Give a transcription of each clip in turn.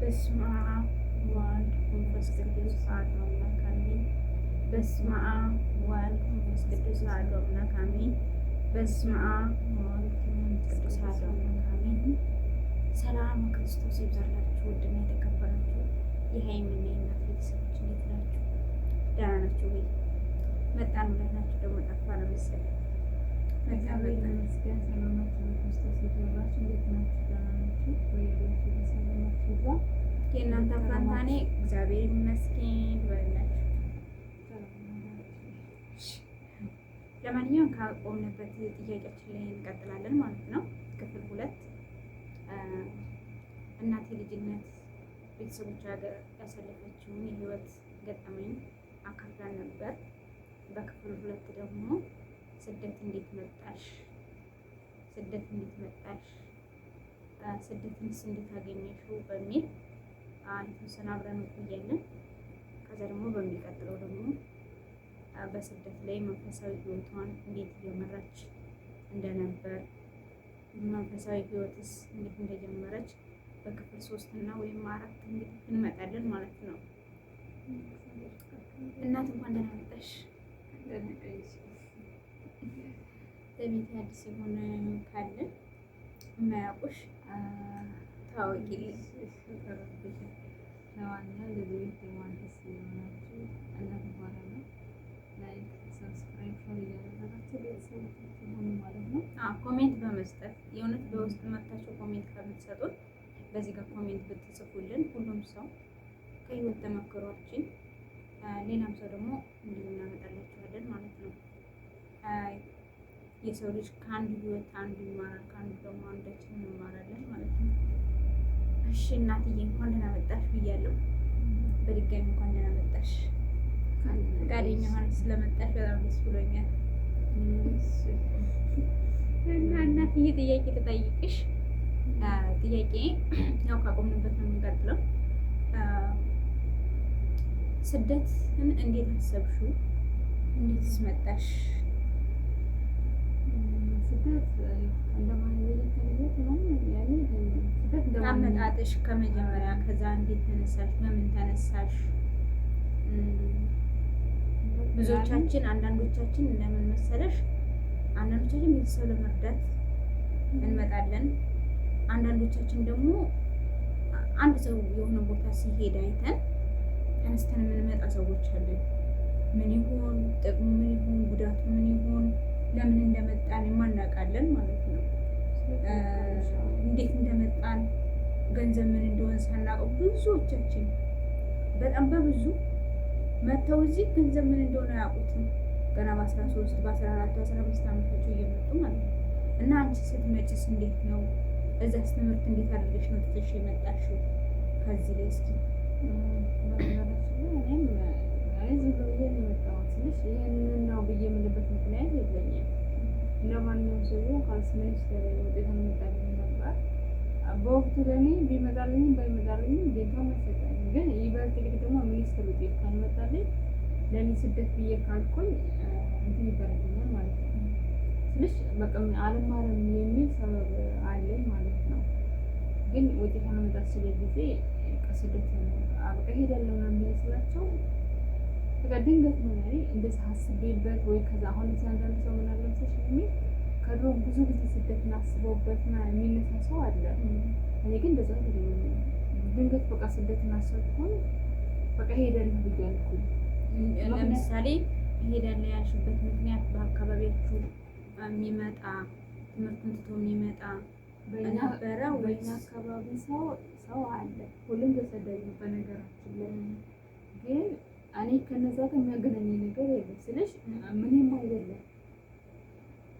በስመ አብ ወወልድ ወመንፈስ ቅዱስ አሐዱ አምላክ አሜን። በስመ አብ ወወልድ ወመንፈስ ቅዱስ አሐዱ አምላክ አሜን። በስመ አብ ወወልድ ወመንፈስ ቅዱስ አሐዱ አምላክ አሜን። ሰላም ክርስቶስ ይብዛላችሁ። ውድና የተከበራችሁ የሀይሚና የእናት ቤተሰቦች እንዴት ናችሁ? ደህና ናችሁ ወይ? መጣን ብላችሁ ደግሞ ጠፋ መሰለኝ። መጣን ብለን መስገን ሰላማችሁ ክርስቶስ ይብዛላችሁ። እንዴት ናችሁ? ደህና የእናንተ ፋንታ እኔ እግዚአብሔር ይመስገን በላችሁ። ለማንኛውም ካቆምንበት ጥያቄያችን ላይ እንቀጥላለን ማለት ነው። ክፍል ሁለት እናቴ ልጅነት ቤተሰቦች ሀገር ያሳለፈችውን የህይወት ገጠመኝ አካፍላን ነበር። በክፍል ሁለት ደግሞ ስደት እንዴት መጣሽ፣ ስደት እንዴት መጣሽ ስደትንስ እንዴት አገኘሽው በሚል የተወሰነ አብረን እንቆያለን። ከዛ ደግሞ በሚቀጥለው ደግሞ በስደት ላይ መንፈሳዊ ህይወቷን እንዴት እየመራች እንደነበር መንፈሳዊ ህይወትስ እንዴት እንደጀመረች በክፍል ሶስት እና ወይም አራት እንግዲህ እንመጣለን ማለት ነው። እናት እንኳን ደህና መጣሽ። ለቤት አዲስ የሆነ ካለ የማያውቁሽ ታዋቂ ለማንኛውም ለዚህ የማንስ የሆናችሁ እናት በኋላ ነው ላይክ ሰብስክራይብ ሸር እያደረጋችሁ ቤተሰቦቻችሁ ሆኑ ማለት ነው። ኮሜንት በመስጠት የእውነት በውስጥ መታችሁ ኮሜንት ከምትሰጡት በዚህ ጋር ኮሜንት ብትጽፉልን ሁሉም ሰው ከህይወት ተመክሯችን ሌላም ሰው ደግሞ የሰው ልጅ ከአንዱ ህይወት አንዱ ይማራል፣ ከአንዱ ደግሞ አንዳችን እንማራለን ማለት ነው። እሺ እናትዬ እንኳን ደህና መጣሽ ብያለሁ። በድጋሚ እንኳን ደህና መጣሽ። ፈቃደኛ ሆነ ስለመጣሽ በጣም ደስ ብሎኛል። እና እናትዬ ጥያቄ ልጠይቅሽ። ጥያቄ ያው ካቆምንበት ነው የምንቀጥለው። ስደትን እንዴት አሰብሽው? እንዴትስ መጣሽ? አመጣጥሽ ከመጀመሪያ ከዛ እንዴት ተነሳሽ? በምን ተነሳሽ? ብዙዎቻችን አንዳንዶቻችን ለምን መሰለሽ፣ አንዳንዶቻችን ቤተሰብ ለመርዳት እንመጣለን። አንዳንዶቻችን ደግሞ አንድ ሰው የሆነ ቦታ ሲሄድ አይተን ተነስተን የምንመጣ ሰዎች አለን። ምን ይሆን ጥቅሙ? ምን ይሆን ጉዳቱ? ምን ይሆን ለምን እንደመጣን የማናውቃለን ማለት ነው። እንዴት እንደመጣን ገንዘብ ምን እንደሆነ ሳናውቀው ብዙዎቻችን በጣም በብዙ መጥተው እዚህ ገንዘብ ምን እንደሆነ አያውቁትም። ገና በ13 በ14 በአስራ አምስት ዓመታቸው እየመጡ ማለት ነው። እና አንቺ ስትመጪስ እንዴት ነው? እዛስ ትምህርት እንዴት አድርገሽ ነው ትተሽ የመጣሽው? ከዚህ ላይ እስኪ ቢመጣልኝም ባይመጣልኝም ቤቷ መሰጠኝ። ግን ይበልጥ ልክ ደግሞ ሚኒስትር ውጤት ካልመጣልኝ ለእኔ ስደት ብዬ ካልኩኝ እንትን ይበረልኛል ማለት ነው። ትንሽ በቃ አልማርም የሚል ሰበብ አለኝ ማለት ነው። ግን ውጤት አለመምጣት ስለ ጊዜ ከስደት አብቀ ሄዳለሁ ነው የሚመስላቸው በቃ ድንገት ነው ያኔ እንደዚህ አስቤበት ወይ ከዛ አሁን እዛ እንዳንድ ሰው ምናለምሰች የሚል ከድሮ ብዙ ጊዜ ስደትን አስበውበት የሚነሳ ሰው አለ። እኔ ግን እንደዛ ድንገት በቃ ስደት እናሰብኩኝ በቃ ሄደልህ ብያልኩ። ለምሳሌ ሄዳለህ ያልሽበት ምክንያት በአካባቢያችሁ የሚመጣ ትምህርትን ትቶ የሚመጣ ነበረ ወይስ አካባቢ ሰው ሰው አለ? ሁሉም ተሰዳጅ ነው በነገራችን ላይ ግን እኔ ከነዛ ጋር የሚያገናኝ ነገር የለም ስልሽ ምንም አይደለም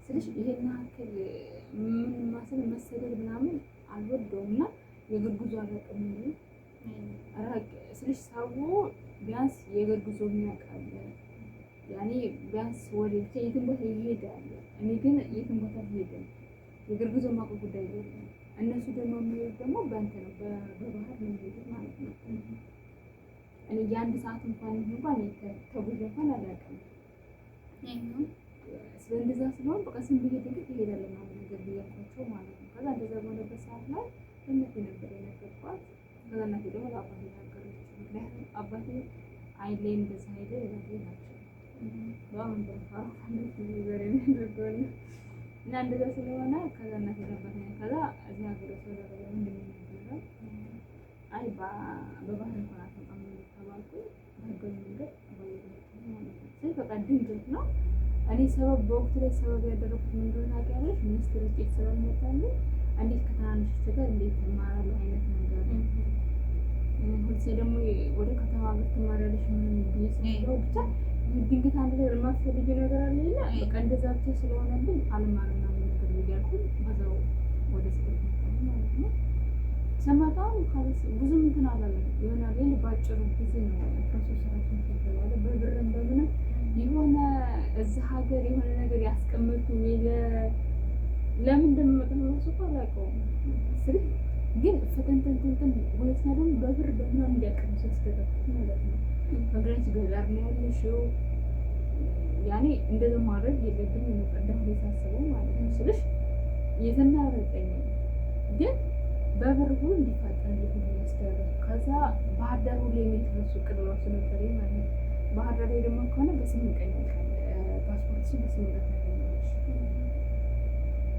ስልሽ ይሄን ያክል ምን ማሰብ መሰደድ ምናምን አልወደውም እና የእግር ጉዞ አላውቅም ስልሽ ሰው ቢያንስ የእግር ጉዞ የሚያውቃል ያኔ ቢያንስ ወደ ብቻ የትን ቦታ ይሄዳል። እኔ ግን የትን ቦታ ይሄዳል የእግር ጉዞ ማቆ ጉዳይ የለም። እነሱ ደግሞ የሚሄዱት ደግሞ በንት ነው በባህር ነው የሚሄዱት ማለት ነው። እኔ የአንድ ሰዓት እንኳን እንኳን ተጉዞ እንኳን አላውቅም። ስለእንደዛ ስለሆን በቃ ስንት ብሄድ ግን ይሄዳል ማለት ነገር ብያቸው ማለት ነው ከዛ እንደዛ በሆነበት ሰዓት ላይ በእናቴ ነበር የነገርኳት። ከዛ እናቴ ደግሞ ለአባት ነገረች። ምክንያቱም አባቴ አይሌ እንደዛ አይሌ እናቴ ናቸው በአሁን ነበር ያደርገውና እና እንደዛ ስለሆነ ከዛ እናቴ ነበር ከዛ እዚህ ሀገር ስለነበረ እንደሚነገረው አይ በባህል እንኳን አትመጣም ተባልኩ በህጋዊ መንገድ ማለት ነው። ፈቃድ ድንገት ነው እኔ ሰበብ በወቅቱ ላይ ሰበብ ያደረኩት ምን እንደሆነ ታውቂያለሽ? ሚኒስትር ውጤት ስለመጣልኝ እንዴት ከትናንሾቹ ጋር እንዴት ትማራለህ አይነት ነገር ሁልሴ ደግሞ ወደ ከተማ ብር ትማራለች ምንም ብዬ ብቻ ድንገት አንድ ላይ የማትፈልጊው ነገር አለ ሌላ በቃ እንደዛ ብቻ ስለሆነብኝ አልማርና ነገር እያልኩ በዛው ወደ ስደት መጣሁ ማለት ነው። ስመጣ ካለስ አላለም ይሆናል ግን ባጭሩ ጊዜ ነው ፕሮሰስ ራሱ ተባለ በብርም በምንም የሆነ እዚህ ሀገር የሆነ ነገር ያስቀመጡ ለምንድን መጥመሱ አላውቀውም። ስልክ ግን ፈተንተንተንተን ሁለተኛ ደግሞ በብር በምናምን እንዲያቀምሱ ያስደረግኩት ማለት ነው። ሀገራች ገዛር ነው ያለሽው። ያኔ እንደዚ ማድረግ የለብን የመቀዳ ሳስበው ማለት ነው ስልሽ የተናረጠኝ ግን በብር ሁሉ እንዲፋጠን ያስደረግ ከዛ ባህር ዳር ሁሉ የሚደረሱ ቅድራሱ ነበር ማለት ነው ባህር ዳር ደግሞ ከሆነ በስምንት ቀን ይወጣል ፓስፖርት በስምንት ቀን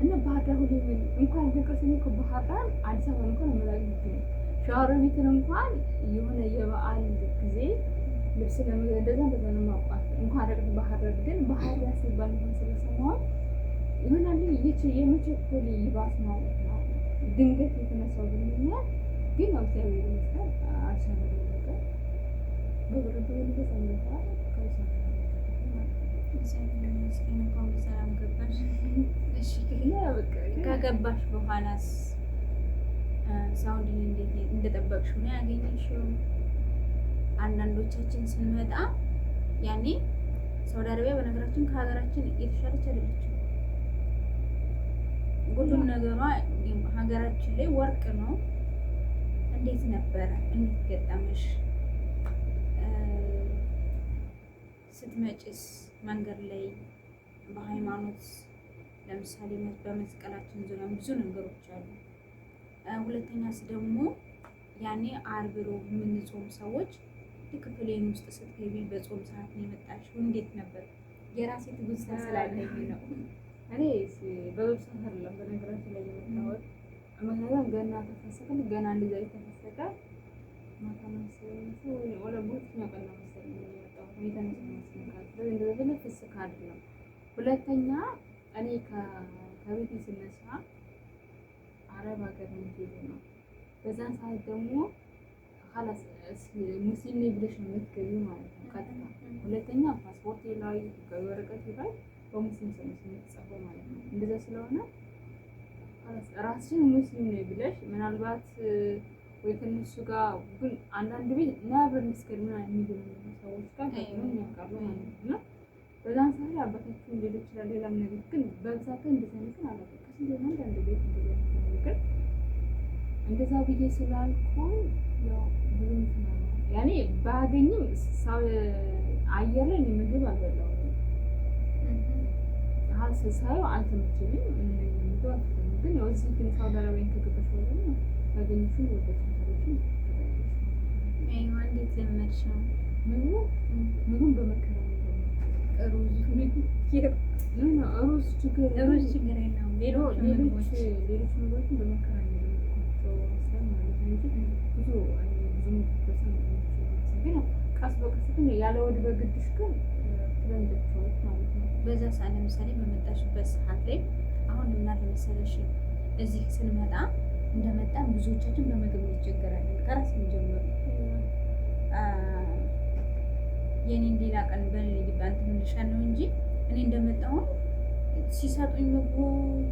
እና ባህር ዳር ሁሌ እንኳን ደቀሰኝ እኮ ባህር ዳር አዲስ አበባ እንኳን አመላልት ነው ሻወር ቤትን እንኳን የሆነ የበዓል ጊዜ ልብስ ለመገደዛ በዛ ነው ማውቃት እንኳን ረቅ ባህር ዳር ግን ባህር ዳር ሲባል እንኳን ስለሰማሁት ይሆናል ይች የመቸኮል ይባስ ማለት ነው ድንገት የተነሳው ግንኙነት ግን እግዚአብሔር ይመስገን አልሰበረ ከገባሽ በኋላስ ሳውንድ እንደጠበቅሽ ነው ያገኘሽው? አንዳንዶቻችን ስንመጣ ያኔ ሳውዲ አረቢያ በነገራችን ከሀገራችን የተሻለች አይደለችም። ሁሉም ነገሯ ሀገራችን ላይ ወርቅ ነው። እንዴት ነበረ? እንዴት ገጠመሽ? ስትመጭስ መንገድ ላይ በሃይማኖት ለምሳሌ በመስቀላችን ዙሪያ ብዙ ነገሮች አሉ። ሁለተኛስ ደግሞ ያኔ አርብሮ ሮብ የምንጾም ሰዎች ልክ ፕሌን ውስጥ ስትገቢ በጾም ሰዓት ነው የመጣችው። እንዴት ነበር? የራሴ ትውስታ ስላለኝ ነው። እኔ በጾም ሰዓት አይደለም በነገራችን ላይ የመጣሁት። ምክንያቱም ገና ተፈሰቀ ገና እንደዛ የተፈሰቀ ማታ መሰለኝ ሁለት ሁለተኛ ቀን መሰለኝ የተነሳነስ መካከል ሁለተኛ እኔ ከቤት ስነሳ አረብ ሀገር ምንድን ነው በዛን ሰዓት ደግሞ ሀላስ ሙስሊም ብለሽ ነው ማለት ነው ቀጥታ። ሁለተኛ ፓስፖርት ላይ ወረቀት ላይ በሙስሊም ሰው የምትጻፈው ማለት ነው። እንደዛ ስለሆነ ራስሽን ሙስሊም ብለሽ ምናልባት ወይ ከእነሱ ጋር ግን አንዳንድ ቤት ለብር መስገድ ምን የሚሉ ሰዎች ጋር ማለት ነው። በዛን ሰዓት አባታችን ይችላል ሌላም ነገር ግን በብዛት አንዳንድ ቤት እንደዛ ብዬ ስላልኩ ያኔ ባገኝም አየር ላይ ምግብ አልበላሁም። ስሳዩ አልተመቸኝም። ምግብ ግን ያው እዚህ ግን ሳውዲ አረቢያን ከገባሽ ነው ምንም በመከረም ሩዝ ችግር የለውም። ሌሎች ምግቦችን ቀስ በቀስ ግን ያለ ወድ በግድሽ ግን ትለምዳቸዋለሽ ማለት ነው። በዛ ሰዓት ለምሳሌ በመጣሽበት ሰዓት ላይ አሁን ምናምን መሰለሽ እዚህ ስንመጣ እንደመጣ ብዙዎቻችን በምግብ እንቸገራለን። ከራስ የሚጀምሩ የእኔን ሌላ ቀን በልባን ነው እንጂ እኔ እንደመጣሁን ሲሰጡኝ ምግቡ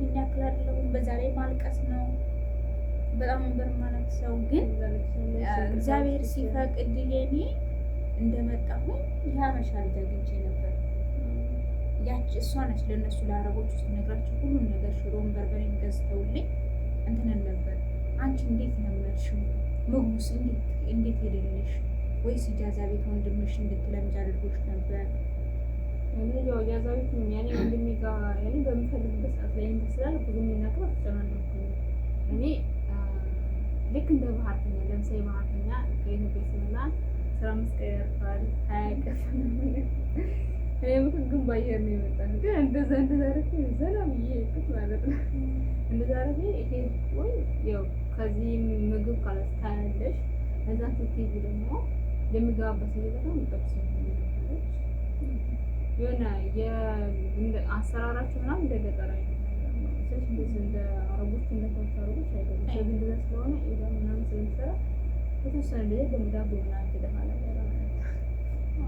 ይናክል አይደለሁም። በዛ ላይ ማልቀስ ነው። በጣም ወንበር ማለት ሰው ግን እግዚአብሔር ሲፈቅድ የኔ እንደመጣሁን የሀበሻ ልጅ አግኝቼ ነበር። ያች እሷ ነች ለእነሱ ለአረቦች ውስጥ ነግራቸው ሁሉም ነገር ሽሮ ወንበር በርበሬን ገዝተውልኝ እንትንን ነበር። አንቺ እንዴት ለመድሽው? ምግቡስ እንዴት ሄደልሽ? ወይስ እጃዛ ቤት ወንድምሽ እንድትለምጅ አድርጎሽ ነበር? ያው እጃዛ ቤት ያኔ ወንድሜ ጋር ያኔ በምፈልግበት ሰዓት ላይ ይመስላል ብዙ አስጨናነኩ እኔ ልክ እንደ ባህርተኛ ለምሳሌ ባህርተኛ ና ስራ መስቀል ያርፋል ሀያ ምግብ ባየር ነው የመጣን ግን እንደዛ እንደዛ ረፊ ዘና ብዬ ማለት ነው። እንደዛ ረፊ ይሄ ወይ ያው ከዚህ ምግብ ካላስታያለሽ እዛ ስትሄጂ ደግሞ የሚገባበት በጣም ይጠቅሱ የሆነ አሰራራቸው ምናምን እንደ ገጠር እንደዚህ እንደ አረቦች እንደታች አረቦች አይደለም። ስለዚህ እንደዛ ስለሆነ ኢዳ ምናምን ስለሚሰራ የተወሰነ ጊዜ በምዳብ ምናምን ትደፋ ነበር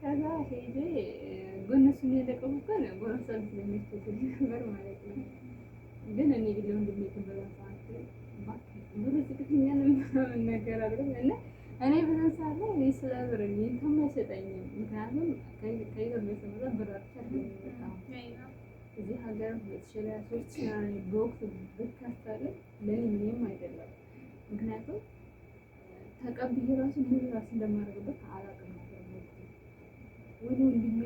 ከዛ ሄጄ ጎነሱን የለቀሙበት ጎረምሳን ስለሚያስቸግር ነበር ማለት ነው። ግን እኔ ግን ለወንድሜ በዛ ሰዓት ብሩ ዝቅተኛ ምናምን ነገር አለኝ እና እኔ በዛ ሰዓት ላይ ስለ ብር እንኳን አይሰጠኝም። ምክንያቱም ከኢትዮጵያ ስመጣ ብር አልቻለም እዚህ ሀገር ሁለት ሺህ ላይ ሶስት በወቅቱ ለእኔ ምንም አይደለም። ምክንያቱም ተቀብዬ ራሱ ምን ራሱ እንደማደርግበት አላውቅም። ወደ ወንድሜ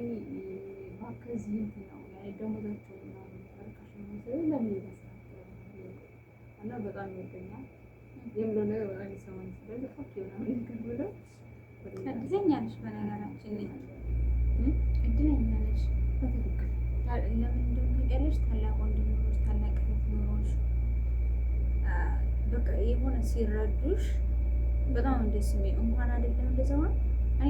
ከዚህ እንትን ነው ደሞዛቸው ርካሽ ለምን ይመስላል እና በጣም ይወደኛል የምለለ በጣም ይሰማኝ ስለዚ ፋት የሆነ ነገር ብለው እድለኛ ነሽ። በነገራችን ላይ እድለኛ ነሽ። በትክክል ለምን እንደሚቀለሽ ታላቅ ወንድም ኖሮሽ፣ ታላቅ እህት ኖሮሽ በቃ የሆነ ሲረዱሽ በጣም ደስ የሚል እንኳን አይደለም እንደዛ ሆነ